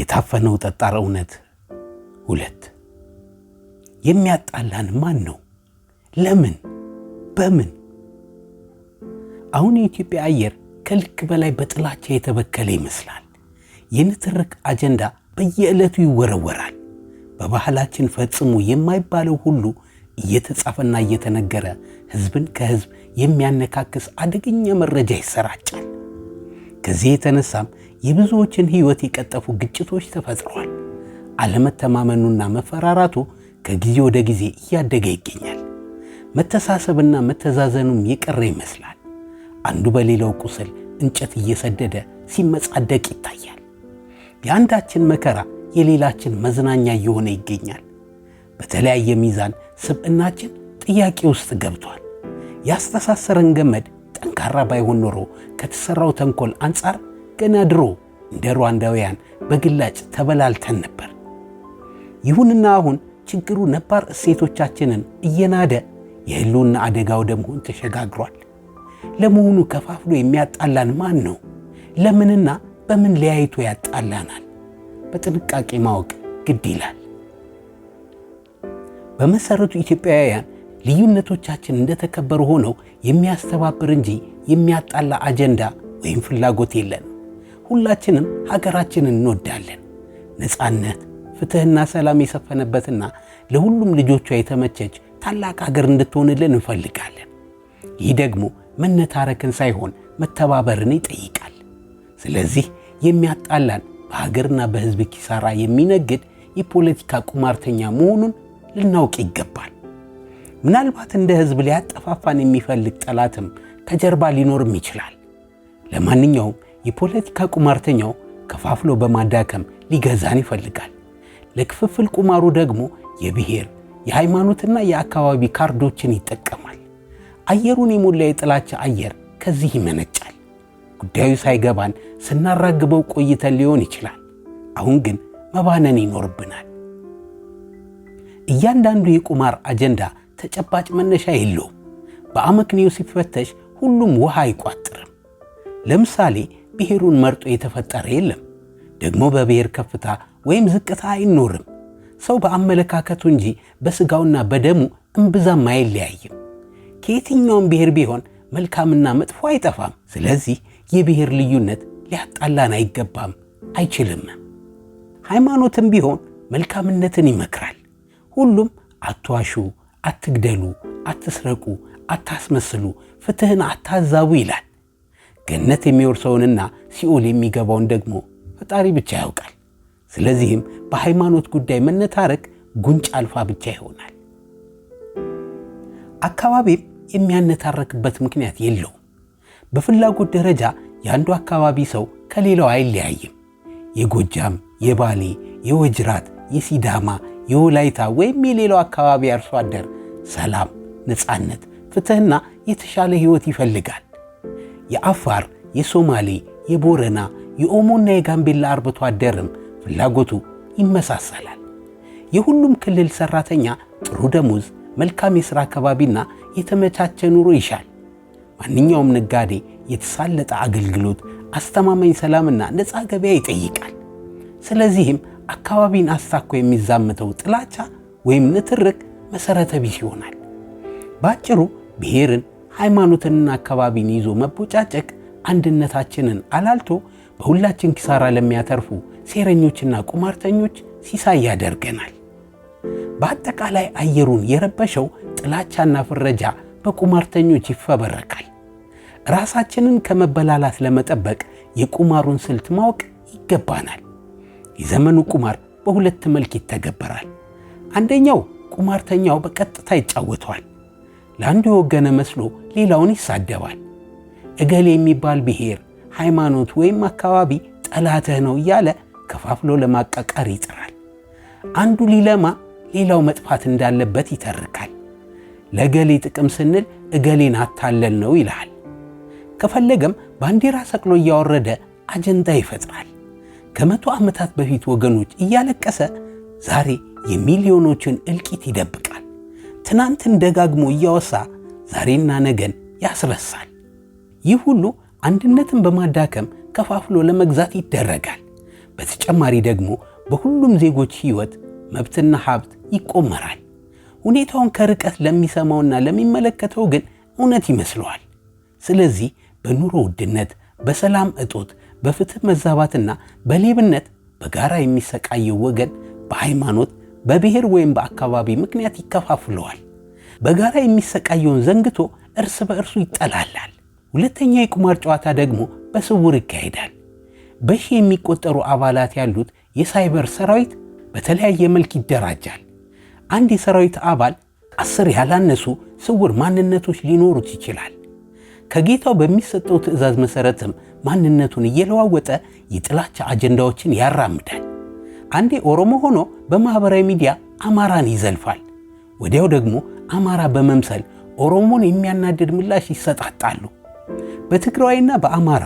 የታፈነው ጠጣር እውነት ሁለት የሚያጣላን ማን ነው? ለምን? በምን? አሁን የኢትዮጵያ አየር ከልክ በላይ በጥላቻ የተበከለ ይመስላል። የንትርክ አጀንዳ በየዕለቱ ይወረወራል። በባህላችን ፈጽሞ የማይባለው ሁሉ እየተጻፈና እየተነገረ ሕዝብን ከሕዝብ የሚያነካክስ አደገኛ መረጃ ይሰራጫል። ከዚህ የተነሳም የብዙዎችን ሕይወት የቀጠፉ ግጭቶች ተፈጥረዋል። አለመተማመኑና መፈራራቱ ከጊዜ ወደ ጊዜ እያደገ ይገኛል። መተሳሰብና መተዛዘኑም የቀረ ይመስላል። አንዱ በሌላው ቁስል እንጨት እየሰደደ ሲመጻደቅ ይታያል። የአንዳችን መከራ የሌላችን መዝናኛ እየሆነ ይገኛል። በተለያየ ሚዛን ስብዕናችን ጥያቄ ውስጥ ገብቷል። ያስተሳሰረን ገመድ ጠንካራ ባይሆን ኖሮ ከተሠራው ተንኮል አንጻር ገና ድሮ እንደ ሩዋንዳውያን በግላጭ ተበላልተን ነበር። ይሁንና አሁን ችግሩ ነባር እሴቶቻችንን እየናደ የህልውና አደጋ ወደ መሆን ተሸጋግሯል። ለመሆኑ ከፋፍሎ የሚያጣላን ማን ነው? ለምንና በምን ለያይቶ ያጣላናል? በጥንቃቄ ማወቅ ግድ ይላል። በመሰረቱ ኢትዮጵያውያን ልዩነቶቻችን እንደተከበሩ ሆነው የሚያስተባብር እንጂ የሚያጣላ አጀንዳ ወይም ፍላጎት የለን? ሁላችንም ሀገራችንን እንወዳለን። ነፃነት፣ ፍትህና ሰላም የሰፈነበትና ለሁሉም ልጆቿ የተመቸች ታላቅ ሀገር እንድትሆንልን እንፈልጋለን። ይህ ደግሞ መነታረክን ሳይሆን መተባበርን ይጠይቃል። ስለዚህ የሚያጣላን በሀገርና በህዝብ ኪሳራ የሚነግድ የፖለቲካ ቁማርተኛ መሆኑን ልናውቅ ይገባል። ምናልባት እንደ ህዝብ ሊያጠፋፋን የሚፈልግ ጠላትም ከጀርባ ሊኖርም ይችላል። ለማንኛውም የፖለቲካ ቁማርተኛው ከፋፍሎ በማዳከም ሊገዛን ይፈልጋል። ለክፍፍል ቁማሩ ደግሞ የብሔር የሃይማኖትና የአካባቢ ካርዶችን ይጠቀማል። አየሩን የሞላ የጥላቻ አየር ከዚህ ይመነጫል። ጉዳዩ ሳይገባን ስናራግበው ቆይተን ሊሆን ይችላል። አሁን ግን መባነን ይኖርብናል። እያንዳንዱ የቁማር አጀንዳ ተጨባጭ መነሻ የለውም። በአመክንዮ ሲፈተሽ ሁሉም ውሃ አይቋጥርም። ለምሳሌ ብሔሩን መርጦ የተፈጠረ የለም። ደግሞ በብሔር ከፍታ ወይም ዝቅታ አይኖርም። ሰው በአመለካከቱ እንጂ በሥጋውና በደሙ እምብዛም አይለያይም። ከየትኛውም ብሔር ቢሆን መልካምና መጥፎ አይጠፋም። ስለዚህ የብሔር ልዩነት ሊያጣላን አይገባም፣ አይችልም። ሃይማኖትም ቢሆን መልካምነትን ይመክራል። ሁሉም አትዋሹ፣ አትግደሉ፣ አትስረቁ፣ አታስመስሉ፣ ፍትህን አታዛቡ ይላል። ገነት የሚወርሰውንና ሲኦል የሚገባውን ደግሞ ፈጣሪ ብቻ ያውቃል። ስለዚህም በሃይማኖት ጉዳይ መነታረክ ጉንጭ አልፋ ብቻ ይሆናል። አካባቢም የሚያነታረክበት ምክንያት የለውም። በፍላጎት ደረጃ የአንዱ አካባቢ ሰው ከሌላው አይለያይም። የጎጃም፣ የባሌ፣ የወጅራት፣ የሲዳማ፣ የወላይታ ወይም የሌላው አካባቢ አርሶ አደር ሰላም፣ ነፃነት፣ ፍትህና የተሻለ ሕይወት ይፈልጋል። የአፋር፣ የሶማሌ፣ የቦረና፣ የኦሞና የጋምቤላ አርብቶ አደርም ፍላጎቱ ይመሳሰላል። የሁሉም ክልል ሰራተኛ ጥሩ ደሞዝ፣ መልካም የሥራ አካባቢና የተመቻቸ ኑሮ ይሻል። ማንኛውም ነጋዴ የተሳለጠ አገልግሎት፣ አስተማማኝ ሰላምና ነፃ ገበያ ይጠይቃል። ስለዚህም አካባቢን አስታኮ የሚዛምተው ጥላቻ ወይም ንትርክ መሠረተ ቢስ ይሆናል። በአጭሩ ብሔርን ሃይማኖትንና አካባቢን ይዞ መቦጫጨቅ አንድነታችንን አላልቶ በሁላችን ኪሳራ ለሚያተርፉ ሴረኞችና ቁማርተኞች ሲሳይ ያደርገናል። በአጠቃላይ አየሩን የረበሸው ጥላቻና ፍረጃ በቁማርተኞች ይፈበረካል። ራሳችንን ከመበላላት ለመጠበቅ የቁማሩን ስልት ማወቅ ይገባናል። የዘመኑ ቁማር በሁለት መልክ ይተገበራል። አንደኛው ቁማርተኛው በቀጥታ ይጫወተዋል። ለአንዱ የወገነ መስሎ ሌላውን ይሳደባል። እገሌ የሚባል ብሔር፣ ሃይማኖት ወይም አካባቢ ጠላትህ ነው እያለ ከፋፍሎ ለማቃቀር ይጥራል። አንዱ ሊለማ፣ ሌላው መጥፋት እንዳለበት ይተርካል። ለእገሌ ጥቅም ስንል እገሌን አታለል ነው ይልሃል። ከፈለገም ባንዲራ ሰቅሎ እያወረደ አጀንዳ ይፈጥራል። ከመቶ ዓመታት በፊት ወገኖች እያለቀሰ ዛሬ የሚሊዮኖችን እልቂት ይደብቃል። ትናንትን ደጋግሞ እያወሳ ዛሬና ነገን ያስረሳል። ይህ ሁሉ አንድነትን በማዳከም ከፋፍሎ ለመግዛት ይደረጋል። በተጨማሪ ደግሞ በሁሉም ዜጎች ሕይወት መብትና ሀብት ይቆመራል። ሁኔታውን ከርቀት ለሚሰማውና ለሚመለከተው ግን እውነት ይመስለዋል። ስለዚህ በኑሮ ውድነት፣ በሰላም እጦት፣ በፍትህ መዛባትና በሌብነት በጋራ የሚሰቃየው ወገን በሃይማኖት በብሔር ወይም በአካባቢ ምክንያት ይከፋፍለዋል። በጋራ የሚሰቃየውን ዘንግቶ እርስ በእርሱ ይጠላላል። ሁለተኛ የቁማር ጨዋታ ደግሞ በስውር ይካሄዳል። በሺ የሚቆጠሩ አባላት ያሉት የሳይበር ሰራዊት በተለያየ መልክ ይደራጃል። አንድ የሰራዊት አባል አስር ያላነሱ ስውር ማንነቶች ሊኖሩት ይችላል። ከጌታው በሚሰጠው ትዕዛዝ መሠረትም ማንነቱን እየለዋወጠ የጥላቻ አጀንዳዎችን ያራምዳል። አንዴ ኦሮሞ ሆኖ በማኅበራዊ ሚዲያ አማራን ይዘልፋል። ወዲያው ደግሞ አማራ በመምሰል ኦሮሞን የሚያናድድ ምላሽ ይሰጣጣሉ። በትግራይና በአማራ፣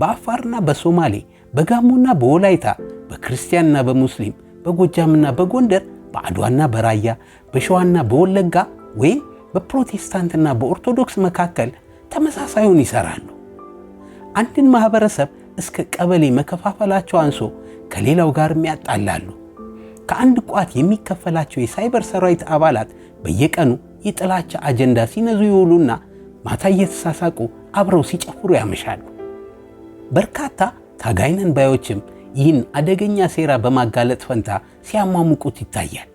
በአፋርና በሶማሌ፣ በጋሞና በወላይታ፣ በክርስቲያንና በሙስሊም፣ በጎጃምና በጎንደር፣ በአድዋና በራያ፣ በሸዋና በወለጋ ወይም በፕሮቴስታንትና በኦርቶዶክስ መካከል ተመሳሳዩን ይሰራሉ። አንድን ማኅበረሰብ እስከ ቀበሌ መከፋፈላቸው አንሶ ከሌላው ጋርም ያጣላሉ። ከአንድ ቋት የሚከፈላቸው የሳይበር ሰራዊት አባላት በየቀኑ የጥላቻ አጀንዳ ሲነዙ ይውሉና ማታ እየተሳሳቁ አብረው ሲጨፍሩ ያመሻሉ። በርካታ ታጋይነን ባዮችም ይህን አደገኛ ሴራ በማጋለጥ ፈንታ ሲያሟሙቁት ይታያል።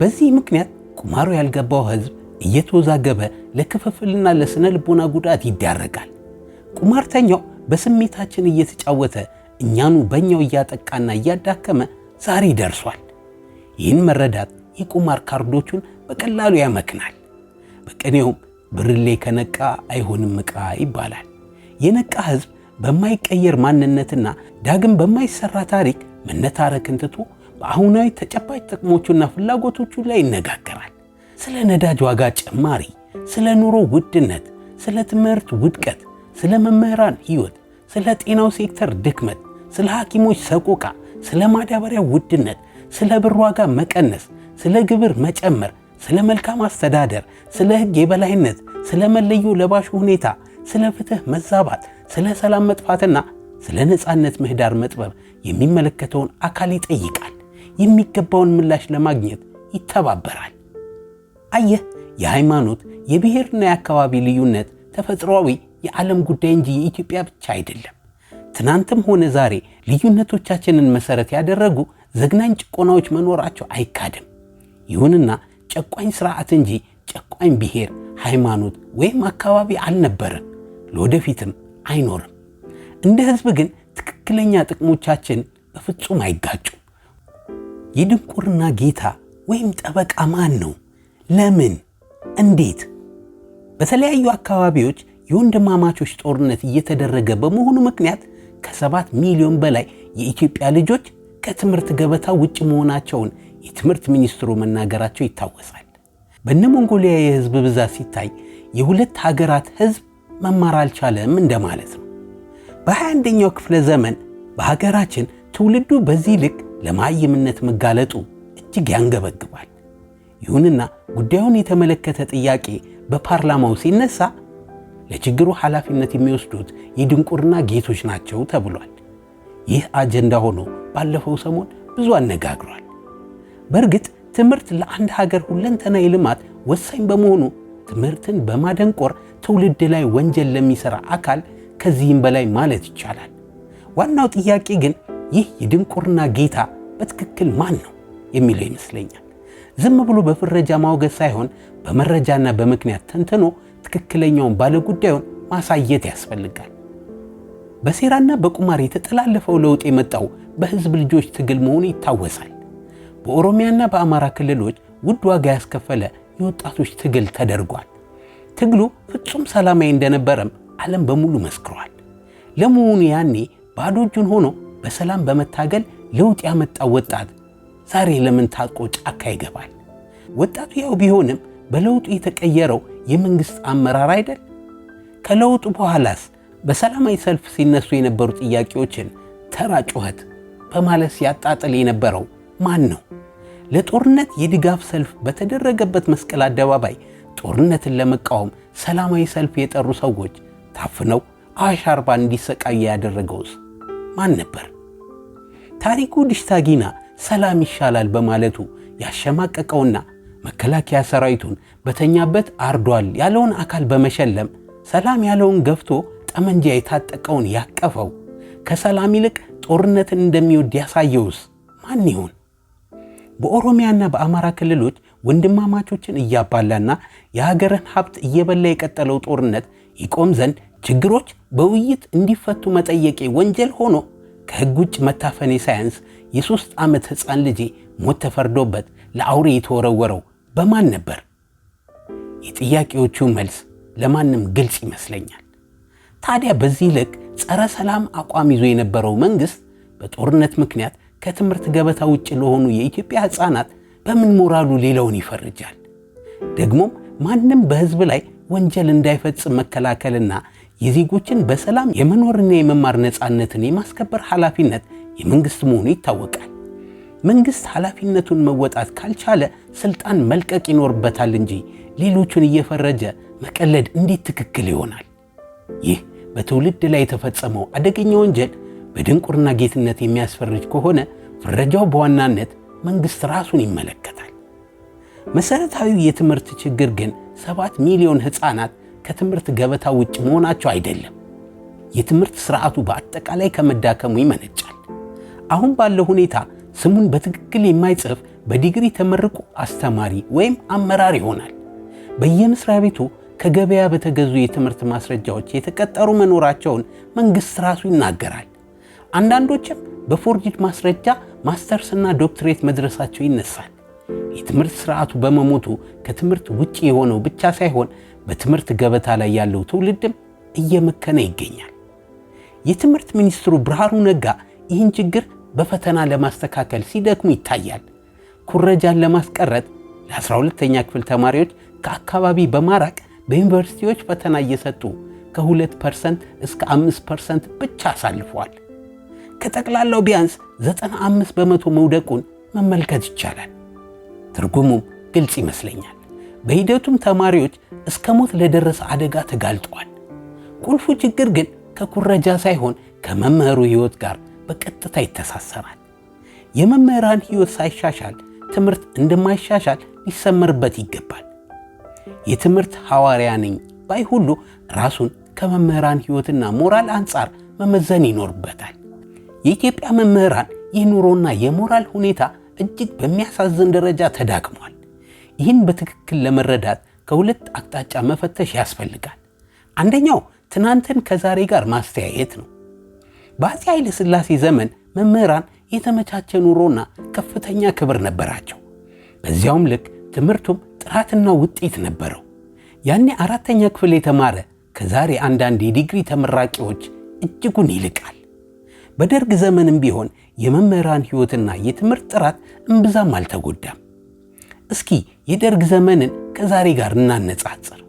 በዚህ ምክንያት ቁማሩ ያልገባው ሕዝብ እየተወዛገበ ለክፍፍልና ለስነ ልቦና ጉዳት ይዳረጋል። ቁማርተኛው በስሜታችን እየተጫወተ እኛኑ በእኛው እያጠቃና እያዳከመ ዛሬ ደርሷል። ይህን መረዳት የቁማር ካርዶቹን በቀላሉ ያመክናል። በቅኔውም ብርሌ ከነቃ አይሆንም ዕቃ ይባላል። የነቃ ሕዝብ በማይቀየር ማንነትና ዳግም በማይሰራ ታሪክ መነታረክን ትቶ በአሁናዊ ተጨባጭ ጥቅሞቹና ፍላጎቶቹ ላይ ይነጋገራል። ስለ ነዳጅ ዋጋ ጭማሪ፣ ስለ ኑሮ ውድነት፣ ስለ ትምህርት ውድቀት፣ ስለ መምህራን ሕይወት፣ ስለ ጤናው ሴክተር ድክመት ስለ ሐኪሞች ሰቆቃ፣ ስለ ማዳበሪያ ውድነት፣ ስለ ብር ዋጋ መቀነስ፣ ስለ ግብር መጨመር፣ ስለ መልካም አስተዳደር፣ ስለ ሕግ የበላይነት፣ ስለ መለዮ ለባሽ ሁኔታ፣ ስለ ፍትህ መዛባት፣ ስለ ሰላም መጥፋትና ስለ ነፃነት ምህዳር መጥበብ የሚመለከተውን አካል ይጠይቃል። የሚገባውን ምላሽ ለማግኘት ይተባበራል። አየህ፣ የሃይማኖት የብሔርና የአካባቢ ልዩነት ተፈጥሯዊ የዓለም ጉዳይ እንጂ የኢትዮጵያ ብቻ አይደለም። ትናንትም ሆነ ዛሬ ልዩነቶቻችንን መሰረት ያደረጉ ዘግናኝ ጭቆናዎች መኖራቸው አይካድም። ይሁንና ጨቋኝ ስርዓት እንጂ ጨቋኝ ብሔር፣ ሃይማኖት ወይም አካባቢ አልነበረም፣ ለወደፊትም አይኖርም። እንደ ሕዝብ ግን ትክክለኛ ጥቅሞቻችን በፍጹም አይጋጩ። የድንቁርና ጌታ ወይም ጠበቃ ማን ነው? ለምን? እንዴት? በተለያዩ አካባቢዎች የወንድማማቾች ጦርነት እየተደረገ በመሆኑ ምክንያት ከሰባት ሚሊዮን በላይ የኢትዮጵያ ልጆች ከትምህርት ገበታ ውጭ መሆናቸውን የትምህርት ሚኒስትሩ መናገራቸው ይታወሳል። በነ ሞንጎሊያ የህዝብ ብዛት ሲታይ የሁለት ሀገራት ህዝብ መማር አልቻለም እንደማለት ነው። በ21ኛው ክፍለ ዘመን በሀገራችን ትውልዱ በዚህ ልክ ለማይምነት መጋለጡ እጅግ ያንገበግባል። ይሁንና ጉዳዩን የተመለከተ ጥያቄ በፓርላማው ሲነሳ ለችግሩ ኃላፊነት የሚወስዱት የድንቁርና ጌቶች ናቸው ተብሏል። ይህ አጀንዳ ሆኖ ባለፈው ሰሞን ብዙ አነጋግሯል። በእርግጥ ትምህርት ለአንድ ሀገር ሁለንተና የልማት ወሳኝ በመሆኑ ትምህርትን በማደንቆር ትውልድ ላይ ወንጀል ለሚሠራ አካል ከዚህም በላይ ማለት ይቻላል። ዋናው ጥያቄ ግን ይህ የድንቁርና ጌታ በትክክል ማን ነው የሚለው ይመስለኛል። ዝም ብሎ በፍረጃ ማውገዝ ሳይሆን በመረጃና በምክንያት ተንትኖ ትክክለኛውን ባለጉዳዩን ማሳየት ያስፈልጋል። በሴራና በቁማር የተጠላለፈው ለውጥ የመጣው በህዝብ ልጆች ትግል መሆኑ ይታወሳል። በኦሮሚያና በአማራ ክልሎች ውድ ዋጋ ያስከፈለ የወጣቶች ትግል ተደርጓል። ትግሉ ፍጹም ሰላማዊ እንደነበረም ዓለም በሙሉ መስክሯል። ለመሆኑ ያኔ ባዶ እጁን ሆኖ በሰላም በመታገል ለውጥ ያመጣው ወጣት ዛሬ ለምን ታጥቆ ጫካ ይገባል? ወጣቱ ያው ቢሆንም በለውጡ የተቀየረው የመንግስት አመራር አይደል? ከለውጡ በኋላስ በሰላማዊ ሰልፍ ሲነሱ የነበሩ ጥያቄዎችን ተራ ጩኸት በማለት ሲያጣጥል የነበረው ማን ነው? ለጦርነት የድጋፍ ሰልፍ በተደረገበት መስቀል አደባባይ ጦርነትን ለመቃወም ሰላማዊ ሰልፍ የጠሩ ሰዎች ታፍነው አሻርባ እንዲሰቃየ እንዲሰቃዩ ያደረገውስ ማን ነበር? ታሪኩ ድሽታጊና ሰላም ይሻላል በማለቱ ያሸማቀቀውና መከላከያ ሰራዊቱን በተኛበት አርዷል ያለውን አካል በመሸለም ሰላም ያለውን ገፍቶ ጠመንጃ የታጠቀውን ያቀፈው ከሰላም ይልቅ ጦርነትን እንደሚወድ ያሳየውስ ማን ይሁን? በኦሮሚያና በአማራ ክልሎች ወንድማማቾችን እያባላና የሀገርን ሀብት እየበላ የቀጠለው ጦርነት ይቆም ዘንድ ችግሮች በውይይት እንዲፈቱ መጠየቄ ወንጀል ሆኖ ከሕግ ውጭ መታፈኔ ሳያንስ የሦስት ዓመት ሕፃን ልጄ ሞት ተፈርዶበት ለአውሬ የተወረወረው በማን ነበር? የጥያቄዎቹ መልስ ለማንም ግልጽ ይመስለኛል። ታዲያ በዚህ ልክ ጸረ ሰላም አቋም ይዞ የነበረው መንግሥት በጦርነት ምክንያት ከትምህርት ገበታ ውጭ ለሆኑ የኢትዮጵያ ሕፃናት በምን ሞራሉ ሌላውን ይፈርጃል? ደግሞም ማንም በሕዝብ ላይ ወንጀል እንዳይፈጽም መከላከልና የዜጎችን በሰላም የመኖርና የመማር ነፃነትን የማስከበር ኃላፊነት የመንግሥት መሆኑ ይታወቃል። መንግስት ኃላፊነቱን መወጣት ካልቻለ ስልጣን መልቀቅ ይኖርበታል እንጂ ሌሎቹን እየፈረጀ መቀለድ እንዴት ትክክል ይሆናል? ይህ በትውልድ ላይ የተፈጸመው አደገኛ ወንጀል በድንቁርና ጌትነት የሚያስፈርጅ ከሆነ ፍረጃው በዋናነት መንግስት ራሱን ይመለከታል። መሰረታዊው የትምህርት ችግር ግን ሰባት ሚሊዮን ሕፃናት ከትምህርት ገበታ ውጭ መሆናቸው አይደለም። የትምህርት ስርዓቱ በአጠቃላይ ከመዳከሙ ይመነጫል። አሁን ባለው ሁኔታ ስሙን በትክክል የማይጽፍ በዲግሪ ተመርቆ አስተማሪ ወይም አመራር ይሆናል። በየመስሪያ ቤቱ ከገበያ በተገዙ የትምህርት ማስረጃዎች የተቀጠሩ መኖራቸውን መንግሥት ራሱ ይናገራል። አንዳንዶችም በፎርጅድ ማስረጃ ማስተርስና ዶክትሬት መድረሳቸው ይነሳል። የትምህርት ስርዓቱ በመሞቱ ከትምህርት ውጭ የሆነው ብቻ ሳይሆን በትምህርት ገበታ ላይ ያለው ትውልድም እየመከነ ይገኛል። የትምህርት ሚኒስትሩ ብርሃኑ ነጋ ይህን ችግር በፈተና ለማስተካከል ሲደክሙ ይታያል። ኩረጃን ለማስቀረት ለ12ተኛ ክፍል ተማሪዎች ከአካባቢ በማራቅ በዩኒቨርሲቲዎች ፈተና እየሰጡ ከ2 ፐርሰንት እስከ 5 ፐርሰንት ብቻ አሳልፈዋል። ከጠቅላላው ቢያንስ 95 በመቶ መውደቁን መመልከት ይቻላል። ትርጉሙም ግልጽ ይመስለኛል። በሂደቱም ተማሪዎች እስከ ሞት ለደረሰ አደጋ ተጋልጠዋል። ቁልፉ ችግር ግን ከኩረጃ ሳይሆን ከመምህሩ ሕይወት ጋር በቀጥታ ይተሳሰራል። የመምህራን ሕይወት ሳይሻሻል ትምህርት እንደማይሻሻል ሊሰመርበት ይገባል። የትምህርት ሐዋርያ ነኝ ባይ ሁሉ ራሱን ከመምህራን ሕይወትና ሞራል አንጻር መመዘን ይኖርበታል። የኢትዮጵያ መምህራን የኑሮና የሞራል ሁኔታ እጅግ በሚያሳዝን ደረጃ ተዳክሟል። ይህን በትክክል ለመረዳት ከሁለት አቅጣጫ መፈተሽ ያስፈልጋል። አንደኛው ትናንትን ከዛሬ ጋር ማስተያየት ነው። በአፄ ኃይለ ሥላሴ ዘመን መምህራን የተመቻቸ ኑሮና ከፍተኛ ክብር ነበራቸው። በዚያውም ልክ ትምህርቱም ጥራትና ውጤት ነበረው። ያኔ አራተኛ ክፍል የተማረ ከዛሬ አንዳንድ የዲግሪ ተመራቂዎች እጅጉን ይልቃል። በደርግ ዘመንም ቢሆን የመምህራን ሕይወትና የትምህርት ጥራት እምብዛም አልተጎዳም። እስኪ የደርግ ዘመንን ከዛሬ ጋር እናነጻጽር።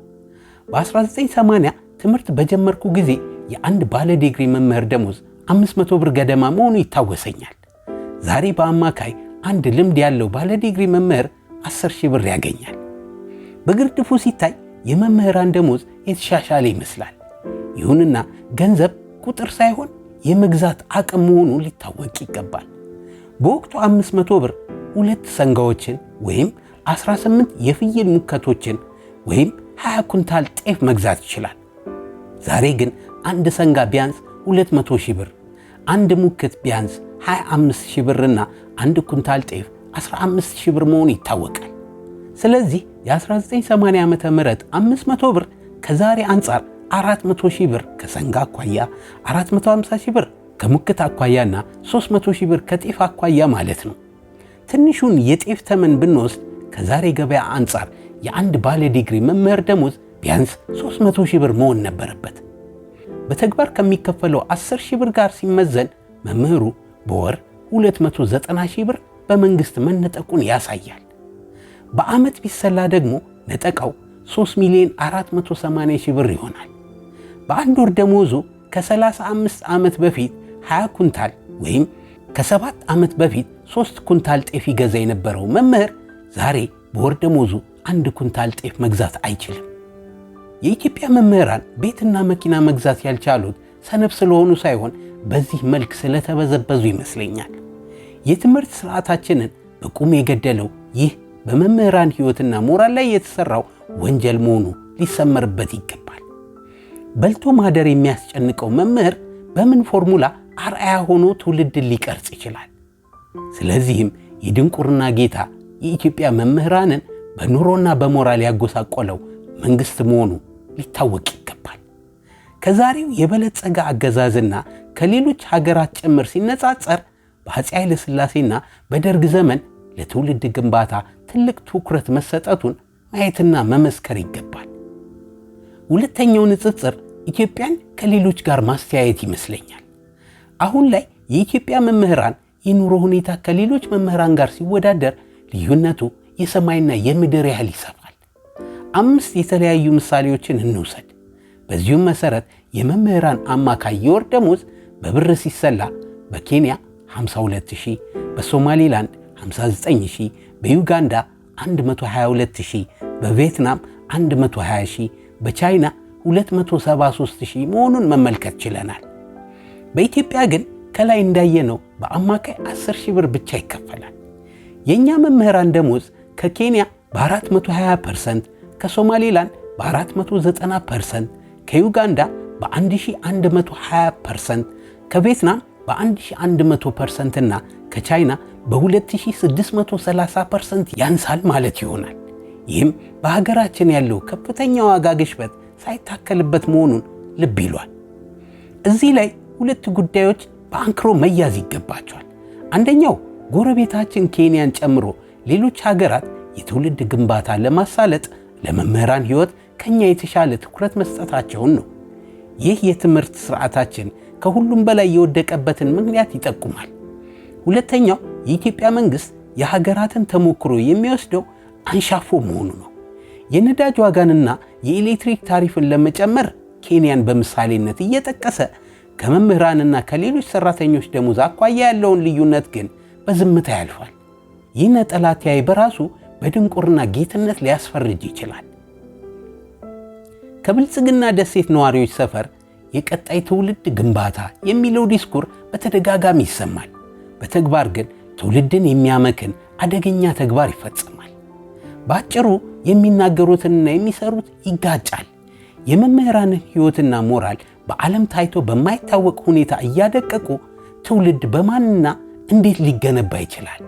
በ1980 ትምህርት በጀመርኩ ጊዜ የአንድ ባለ ዲግሪ መምህር ደሞዝ አምስት ብር ገደማ መሆኑ ይታወሰኛል። ዛሬ በአማካይ አንድ ልምድ ያለው ባለ ዲግሪ መምህር 10 ሺህ ብር ያገኛል። በግርድፉ ሲታይ የመምህራን ደሞዝ የተሻሻለ ይመስላል። ይሁንና ገንዘብ ቁጥር ሳይሆን የመግዛት አቅም መሆኑ ሊታወቅ ይገባል። በወቅቱ 500 ብር ሁለት ሰንጋዎችን ወይም 18 የፍየል ሙከቶችን ወይም 20 ኩንታል ጤፍ መግዛት ይችላል። ዛሬ ግን አንድ ሰንጋ ቢያንስ 200 ሺህ ብር አንድ ሙክት ቢያንስ 25 ሺህ ብርና አንድ ኩንታል ጤፍ 15 ሺህ ብር መሆኑ ይታወቃል። ስለዚህ የ1980 ዓ ም 500 ብር ከዛሬ አንጻር 400 ሺህ ብር ከሰንጋ አኳያ፣ 450 ሺህ ብር ከሙክት አኳያና 300 ሺህ ብር ከጤፍ አኳያ ማለት ነው። ትንሹን የጤፍ ተመን ብንወስድ ከዛሬ ገበያ አንጻር የአንድ ባለ ዲግሪ መምህር ደሞዝ ቢያንስ 300 ሺህ ብር መሆን ነበረበት። በተግባር ከሚከፈለው 10 ሺህ ብር ጋር ሲመዘን መምህሩ በወር 290 ሺህ ብር በመንግስት መነጠቁን ያሳያል። በዓመት ቢሰላ ደግሞ ነጠቃው 3 ሚሊዮን 480 ሺህ ብር ይሆናል። በአንድ ወር ደሞዙ ከ35 ዓመት በፊት 20 ኩንታል ወይም ከሰባት ዓመት በፊት ሶስት ኩንታል ጤፍ ይገዛ የነበረው መምህር ዛሬ በወር ደሞዙ አንድ ኩንታል ጤፍ መግዛት አይችልም። የኢትዮጵያ መምህራን ቤትና መኪና መግዛት ያልቻሉት ሰነፍ ስለሆኑ ሳይሆን በዚህ መልክ ስለተበዘበዙ ይመስለኛል። የትምህርት ስርዓታችንን በቁም የገደለው ይህ በመምህራን ሕይወትና ሞራል ላይ የተሠራው ወንጀል መሆኑ ሊሰመርበት ይገባል። በልቶ ማደር የሚያስጨንቀው መምህር በምን ፎርሙላ አርአያ ሆኖ ትውልድን ሊቀርጽ ይችላል? ስለዚህም የድንቁርና ጌታ የኢትዮጵያ መምህራንን በኑሮና በሞራል ያጎሳቆለው መንግሥት መሆኑ ሊታወቅ ይገባል። ከዛሬው የበለጸገ አገዛዝና ከሌሎች ሀገራት ጭምር ሲነጻጸር በአፄ ኃይለ ሥላሴና በደርግ ዘመን ለትውልድ ግንባታ ትልቅ ትኩረት መሰጠቱን ማየትና መመስከር ይገባል። ሁለተኛው ንጽጽር ኢትዮጵያን ከሌሎች ጋር ማስተያየት ይመስለኛል። አሁን ላይ የኢትዮጵያ መምህራን የኑሮ ሁኔታ ከሌሎች መምህራን ጋር ሲወዳደር ልዩነቱ የሰማይና የምድር ያህል ይሰባል። አምስት የተለያዩ ምሳሌዎችን እንውሰድ። በዚሁም መሰረት የመምህራን አማካይ የወር ደሞዝ በብር ሲሰላ በኬንያ 52000፣ በሶማሌላንድ 59000፣ በዩጋንዳ 122000፣ በቪየትናም 120000፣ በቻይና 273000 መሆኑን መመልከት ችለናል። በኢትዮጵያ ግን ከላይ እንዳየነው በአማካይ 10000 ብር ብቻ ይከፈላል። የእኛ መምህራን ደሞዝ ከኬንያ በ420 ፐርሰንት ከሶማሌላንድ በ490 ፐርሰንት፣ ከዩጋንዳ በ1120 ፐርሰንት፣ ከቪየትናም በ1100 ፐርሰንት እና ከቻይና በ2630 ፐርሰንት ያንሳል ማለት ይሆናል። ይህም በሀገራችን ያለው ከፍተኛ ዋጋ ግሽበት ሳይታከልበት መሆኑን ልብ ይሏል። እዚህ ላይ ሁለት ጉዳዮች በአንክሮ መያዝ ይገባቸዋል። አንደኛው ጎረቤታችን ኬንያን ጨምሮ ሌሎች ሀገራት የትውልድ ግንባታ ለማሳለጥ ለመምህራን ሕይወት ከኛ የተሻለ ትኩረት መስጠታቸውን ነው። ይህ የትምህርት ስርዓታችን ከሁሉም በላይ የወደቀበትን ምክንያት ይጠቁማል። ሁለተኛው የኢትዮጵያ መንግሥት የሀገራትን ተሞክሮ የሚወስደው አንሻፎ መሆኑ ነው። የነዳጅ ዋጋንና የኤሌክትሪክ ታሪፍን ለመጨመር ኬንያን በምሳሌነት እየጠቀሰ ከመምህራንና ከሌሎች ሠራተኞች ደሞዝ አኳያ ያለውን ልዩነት ግን በዝምታ ያልፋል። ይህ ነጠላ በራሱ በድንቁርና ጌትነት ሊያስፈርጅ ይችላል። ከብልጽግና ደሴት ነዋሪዎች ሰፈር የቀጣይ ትውልድ ግንባታ የሚለው ዲስኩር በተደጋጋሚ ይሰማል። በተግባር ግን ትውልድን የሚያመክን አደገኛ ተግባር ይፈጸማል። በአጭሩ የሚናገሩትንና የሚሰሩት ይጋጫል። የመምህራንን ሕይወትና ሞራል በዓለም ታይቶ በማይታወቅ ሁኔታ እያደቀቁ ትውልድ በማንና እንዴት ሊገነባ ይችላል?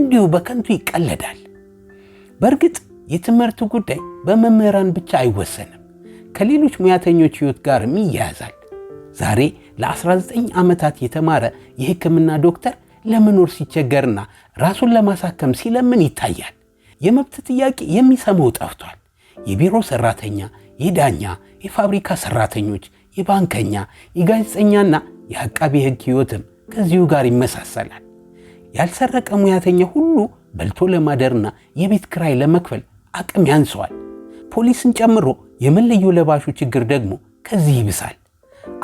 እንዲሁ በከንቱ ይቀለዳል። በእርግጥ የትምህርት ጉዳይ በመምህራን ብቻ አይወሰንም፣ ከሌሎች ሙያተኞች ሕይወት ጋርም ይያያዛል። ዛሬ ለ19 ዓመታት የተማረ የሕክምና ዶክተር ለመኖር ሲቸገርና ራሱን ለማሳከም ሲለምን ይታያል። የመብት ጥያቄ የሚሰማው ጠፍቷል። የቢሮ ሰራተኛ፣ የዳኛ፣ የፋብሪካ ሰራተኞች፣ የባንከኛ፣ የጋዜጠኛና የአቃቤ ሕግ ሕይወትም ከዚሁ ጋር ይመሳሰላል። ያልሰረቀ ሙያተኛ ሁሉ በልቶ ለማደርና የቤት ክራይ ለመክፈል አቅም ያንሰዋል። ፖሊስን ጨምሮ የመለዮ ለባሹ ችግር ደግሞ ከዚህ ይብሳል።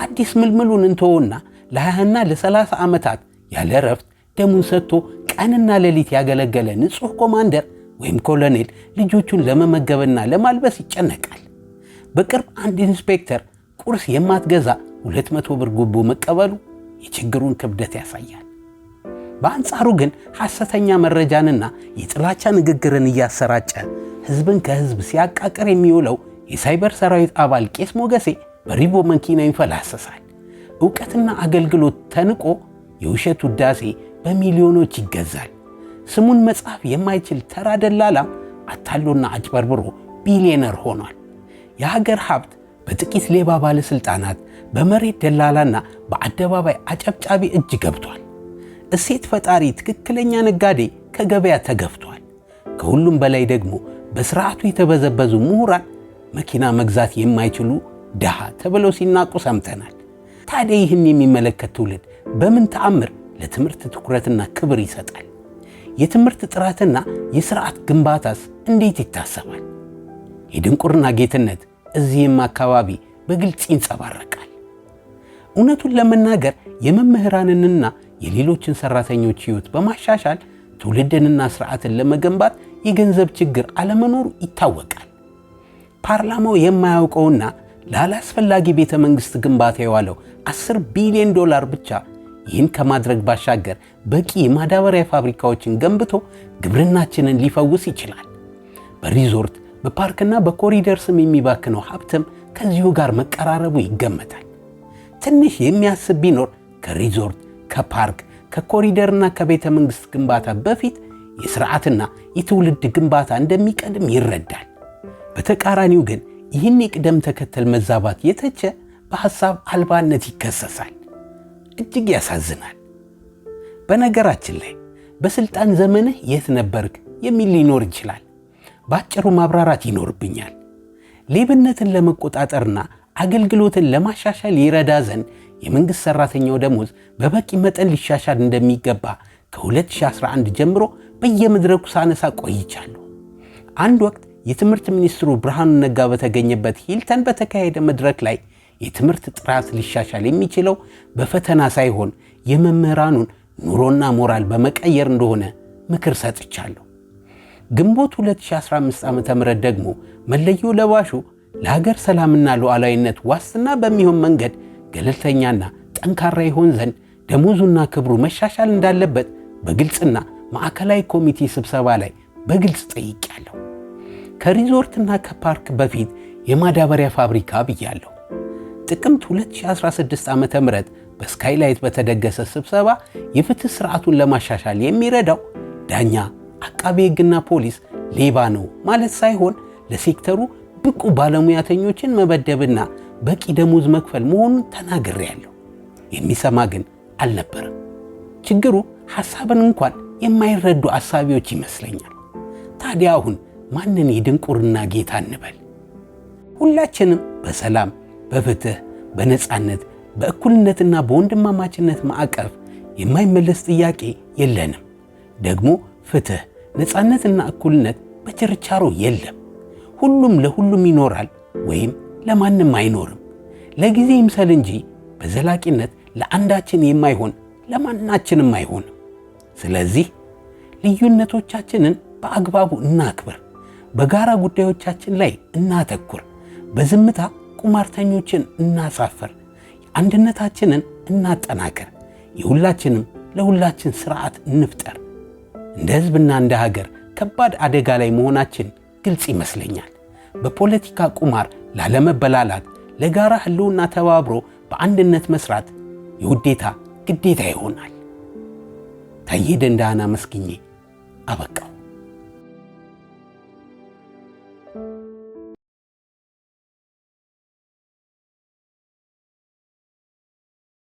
አዲስ ምልምሉን እንተወና ለ20ና ለ30 ዓመታት ያለ እረፍት ደሙን ሰጥቶ ቀንና ሌሊት ያገለገለ ንጹሕ ኮማንደር ወይም ኮሎኔል ልጆቹን ለመመገብና ለማልበስ ይጨነቃል። በቅርብ አንድ ኢንስፔክተር ቁርስ የማትገዛ 200 ብር ጉቦ መቀበሉ የችግሩን ክብደት ያሳያል። በአንጻሩ ግን ሐሰተኛ መረጃንና የጥላቻ ንግግርን እያሰራጨ ሕዝብን ከሕዝብ ሲያቃቅር የሚውለው የሳይበር ሰራዊት አባል ቄስ ሞገሴ በሪቦ መኪና ይንፈላሰሳል። እውቀትና አገልግሎት ተንቆ የውሸት ውዳሴ በሚሊዮኖች ይገዛል። ስሙን መጻፍ የማይችል ተራ ደላላ አታሎና አጭበርብሮ ቢሊዮነር ሆኗል። የሀገር ሀብት በጥቂት ሌባ ባለሥልጣናት፣ በመሬት ደላላና በአደባባይ አጨብጫቢ እጅ ገብቷል። እሴት ፈጣሪ ትክክለኛ ነጋዴ ከገበያ ተገፍቷል። ከሁሉም በላይ ደግሞ በስርዓቱ የተበዘበዙ ምሁራን መኪና መግዛት የማይችሉ ድሃ ተብለው ሲናቁ ሰምተናል። ታዲያ ይህን የሚመለከት ትውልድ በምን ተአምር ለትምህርት ትኩረትና ክብር ይሰጣል? የትምህርት ጥራትና የስርዓት ግንባታስ እንዴት ይታሰባል? የድንቁርና ጌትነት እዚህም አካባቢ በግልጽ ይንጸባረቃል። እውነቱን ለመናገር የመምህራንንና የሌሎችን ሰራተኞች ህይወት በማሻሻል ትውልድንና ስርዓትን ለመገንባት የገንዘብ ችግር አለመኖሩ ይታወቃል። ፓርላማው የማያውቀውና ላላስፈላጊ ቤተ መንግሥት ግንባታ የዋለው 10 ቢሊዮን ዶላር ብቻ ይህን ከማድረግ ባሻገር በቂ የማዳበሪያ ፋብሪካዎችን ገንብቶ ግብርናችንን ሊፈውስ ይችላል። በሪዞርት በፓርክና በኮሪደር ስም የሚባክነው ሀብትም ከዚሁ ጋር መቀራረቡ ይገመታል። ትንሽ የሚያስብ ቢኖር ከሪዞርት ከፓርክ ከኮሪደርና ከቤተ መንግሥት ግንባታ በፊት የሥርዓትና የትውልድ ግንባታ እንደሚቀድም ይረዳል። በተቃራኒው ግን ይህን የቅደም ተከተል መዛባት የተቸ በሐሳብ አልባነት ይከሰሳል። እጅግ ያሳዝናል። በነገራችን ላይ በሥልጣን ዘመንህ የት ነበርክ የሚል ሊኖር ይችላል። በአጭሩ ማብራራት ይኖርብኛል። ሌብነትን ለመቆጣጠርና አገልግሎትን ለማሻሻል ይረዳ ዘንድ የመንግሥት ሠራተኛው ደሞዝ በበቂ መጠን ሊሻሻል እንደሚገባ ከ2011 ጀምሮ በየመድረኩ ሳነሳ ቆይቻለሁ። አንድ ወቅት የትምህርት ሚኒስትሩ ብርሃኑ ነጋ በተገኘበት ሂልተን በተካሄደ መድረክ ላይ የትምህርት ጥራት ሊሻሻል የሚችለው በፈተና ሳይሆን የመምህራኑን ኑሮና ሞራል በመቀየር እንደሆነ ምክር ሰጥቻለሁ። ግንቦት 2015 ዓ ም ደግሞ መለዮ ለባሹ ለሀገር ሰላምና ሉዓላዊነት ዋስትና በሚሆን መንገድ ገለልተኛና ጠንካራ ይሆን ዘንድ ደሞዙና ክብሩ መሻሻል እንዳለበት በግልጽና ማዕከላዊ ኮሚቴ ስብሰባ ላይ በግልጽ ጠይቄያለሁ። ከሪዞርትና ከፓርክ በፊት የማዳበሪያ ፋብሪካ ብያለሁ። ጥቅምት 2016 ዓ ም በስካይላይት በተደገሰ ስብሰባ የፍትህ ስርዓቱን ለማሻሻል የሚረዳው ዳኛ፣ አቃቤ ሕግና ፖሊስ ሌባ ነው ማለት ሳይሆን ለሴክተሩ ብቁ ባለሙያተኞችን መበደብና በቂ ደሞዝ መክፈል መሆኑን ተናግሬያለሁ። የሚሰማ ግን አልነበረም። ችግሩ ሐሳብን እንኳን የማይረዱ አሳቢዎች ይመስለኛል። ታዲያ አሁን ማንን የድንቁርና ጌታ እንበል? ሁላችንም በሰላም በፍትህ በነፃነት በእኩልነትና በወንድማማችነት ማዕቀፍ የማይመለስ ጥያቄ የለንም። ደግሞ ፍትህ፣ ነፃነትና እኩልነት በችርቻሮ የለም። ሁሉም ለሁሉም ይኖራል ወይም ለማንም አይኖርም። ለጊዜ ይምሰል እንጂ በዘላቂነት ለአንዳችን የማይሆን ለማናችንም አይሆንም። ስለዚህ ልዩነቶቻችንን በአግባቡ እናክብር። በጋራ ጉዳዮቻችን ላይ እናተኩር። በዝምታ ቁማርተኞችን እናሳፈር። አንድነታችንን እናጠናክር። የሁላችንም ለሁላችን ስርዓት እንፍጠር። እንደ ሕዝብና እንደ ሀገር ከባድ አደጋ ላይ መሆናችን ግልጽ ይመስለኛል። በፖለቲካ ቁማር ላለመበላላት፣ ለጋራ ህልውና ተባብሮ በአንድነት መስራት የውዴታ ግዴታ ይሆናል። ታዬ ደንዳዓ መስግኜ አበቃው።